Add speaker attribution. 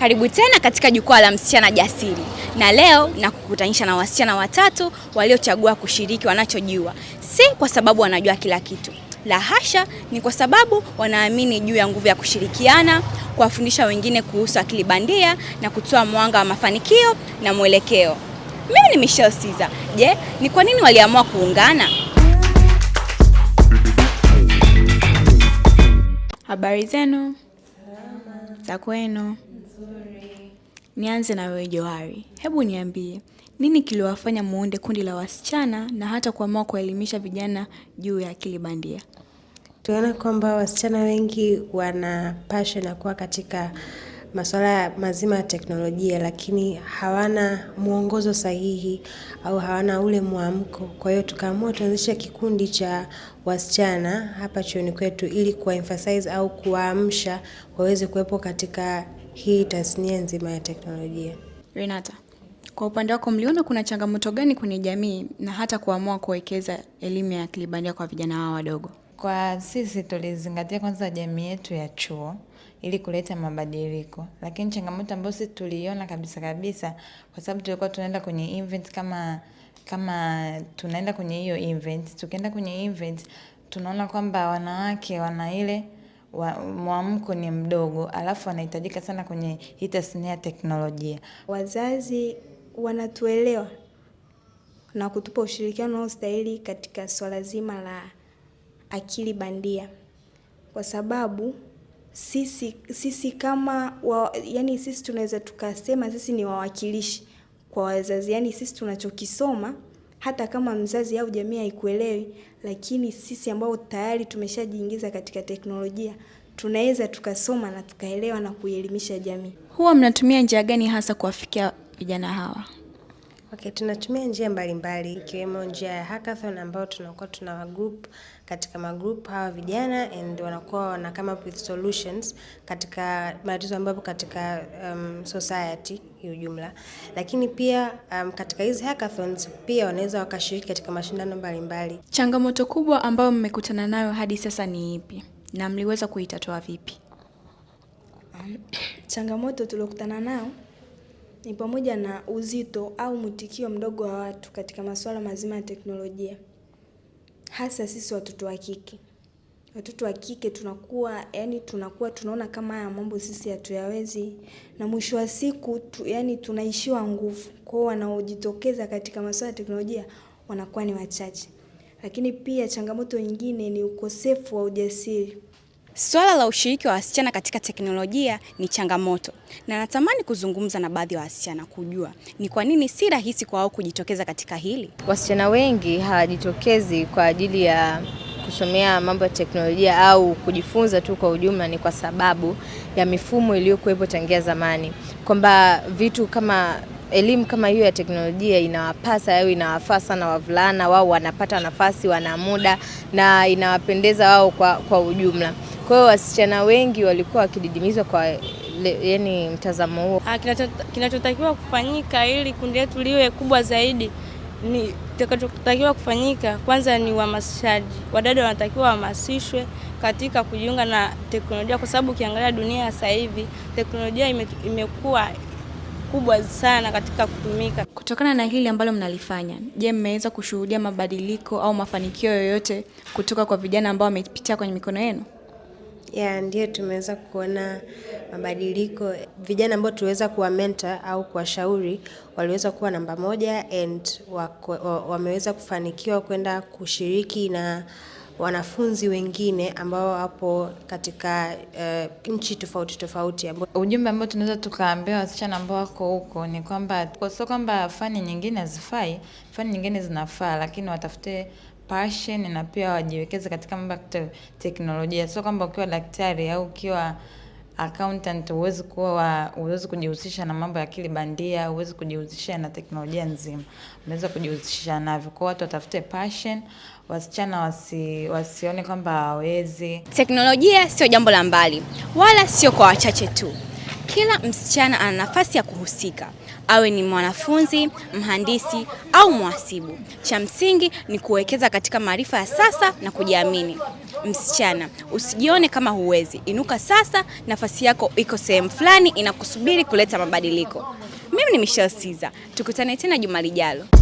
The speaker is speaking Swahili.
Speaker 1: Karibu tena katika jukwaa la msichana jasiri, na leo nakukutanisha na wasichana watatu waliochagua kushiriki wanachojua, si kwa sababu wanajua kila kitu, la hasha, ni kwa sababu wanaamini juu ya nguvu ya kushirikiana, kuwafundisha wengine kuhusu akili bandia na kutoa mwanga wa mafanikio na mwelekeo. Mimi ni Michelle Siza. Je, ni kwa nini waliamua kuungana?
Speaker 2: Habari zenu za kwenu? Nianze na wewe Johari, hebu niambie nini kiliwafanya muunde kundi la wasichana na hata kuamua kuelimisha vijana juu ya akili bandia?
Speaker 3: Tunaona kwamba wasichana wengi wana passion ya kuwa katika masuala mazima ya teknolojia, lakini hawana mwongozo sahihi au hawana ule mwamko. Kwa hiyo tukaamua tuanzishe kikundi cha wasichana hapa chuoni kwetu ili kuwa emphasize au kuwaamsha waweze kuwepo katika hii tasnia nzima ya teknolojia.
Speaker 2: Renata, kwa upande wako mliona kuna changamoto gani kwenye jamii na hata kuamua kuwekeza elimu ya akili bandia kwa vijana wao wadogo?
Speaker 4: Kwa sisi tulizingatia kwanza jamii yetu ya chuo ili kuleta mabadiliko. Lakini changamoto ambayo sisi tuliona kabisa kabisa, kwa sababu tulikuwa tunaenda kwenye event kama kama tunaenda kwenye hiyo event, tukienda kwenye event tunaona kwamba wanawake wana ile wa, mwamko ni mdogo, alafu wanahitajika sana kwenye hii tasnia ya teknolojia.
Speaker 5: Wazazi wanatuelewa na kutupa ushirikiano unaostahili katika swala zima la akili bandia kwa sababu sisi, sisi kama wa, yani sisi tunaweza tukasema sisi ni wawakilishi kwa wazazi, yani sisi tunachokisoma hata kama mzazi au jamii haikuelewi, lakini sisi ambao tayari tumeshajiingiza katika teknolojia tunaweza tukasoma na tukaelewa na kuielimisha jamii.
Speaker 2: Huwa mnatumia njia gani hasa kuwafikia vijana hawa?
Speaker 6: Okay, tunatumia njia mbalimbali ikiwemo njia ya hackathon ambayo tunakuwa tuna wa group katika magroup hawa vijana and wanakuwa wana come up with solutions katika matatizo ambayo katika um, society kiujumla, lakini pia um, katika hizi hackathons pia wanaweza wakashiriki katika mashindano mbalimbali
Speaker 2: Changamoto kubwa ambayo mmekutana nayo hadi sasa ni ipi na mliweza kuitatua vipi?
Speaker 5: Um, changamoto tuliokutana nayo ni pamoja na uzito au mwitikio mdogo wa watu katika masuala mazima ya teknolojia, hasa sisi watoto wa kike. Watoto wa kike tunakuwa yani, tunakuwa tunaona kama haya mambo sisi hatuyawezi, na mwisho wa siku tu, yani tunaishiwa nguvu. Kwa hiyo wanaojitokeza katika masuala ya teknolojia wanakuwa ni wachache, lakini pia changamoto nyingine ni ukosefu wa ujasiri.
Speaker 1: Swala la ushiriki wa wasichana katika teknolojia ni changamoto, na natamani kuzungumza na baadhi ya wasichana kujua ni kwa nini si rahisi kwa wao kujitokeza katika hili.
Speaker 7: Wasichana wengi hawajitokezi kwa ajili ya kusomea mambo ya teknolojia au kujifunza tu kwa ujumla, ni kwa sababu ya mifumo iliyokuwepo tangia zamani, kwamba vitu kama elimu kama hiyo ya teknolojia inawapasa au inawafaa sana wavulana, wao wanapata nafasi, wana muda na inawapendeza wao kwa, kwa ujumla. Kwa hiyo wasichana wengi walikuwa wakididimizwa kwa le, yani mtazamo huo.
Speaker 8: Ah, kinachotakiwa kufanyika ili kundi letu liwe kubwa zaidi ni takachotakiwa kufanyika kwanza ni uhamasishaji. Wadada wanatakiwa wahamasishwe katika kujiunga na teknolojia, kwa sababu ukiangalia dunia sasa hivi teknolojia ime, imekuwa kubwa sana katika kutumika.
Speaker 2: Kutokana na hili ambalo mnalifanya, je, mmeweza kushuhudia mabadiliko au mafanikio yoyote kutoka kwa vijana ambao wamepitia kwenye mikono yenu?
Speaker 3: Yeah, ndiyo tumeweza kuona mabadiliko. Vijana ambao tuliweza kuwa mentor au kuwashauri waliweza kuwa namba moja and wameweza kufanikiwa kwenda kushiriki na wanafunzi wengine ambao wapo katika uh, nchi tofauti tofauti.
Speaker 4: Ujumbe ambao tunaweza tukaambia wasichana ambao wako huko ni kwamba sio kwamba fani nyingine hazifai, fani nyingine zinafaa, lakini watafute passion na pia wajiwekeze katika mambo ya teknolojia. Sio kwamba ukiwa daktari au ukiwa accountant huwezi kuwa huwezi kujihusisha na mambo ya akili bandia, huwezi kujihusisha na teknolojia nzima, unaweza kujihusisha navyo. Kwa watu watafute passion, wasichana wasi, wasione kwamba hawawezi.
Speaker 1: Teknolojia sio jambo la mbali, wala sio kwa wachache tu. Kila msichana ana nafasi ya kuhusika awe ni mwanafunzi, mhandisi au mhasibu. Cha msingi ni kuwekeza katika maarifa ya sasa na kujiamini. Msichana, usijione kama huwezi. Inuka sasa, nafasi yako iko sehemu fulani inakusubiri kuleta mabadiliko. Mimi ni Michelle Siza, tukutane tena juma lijalo.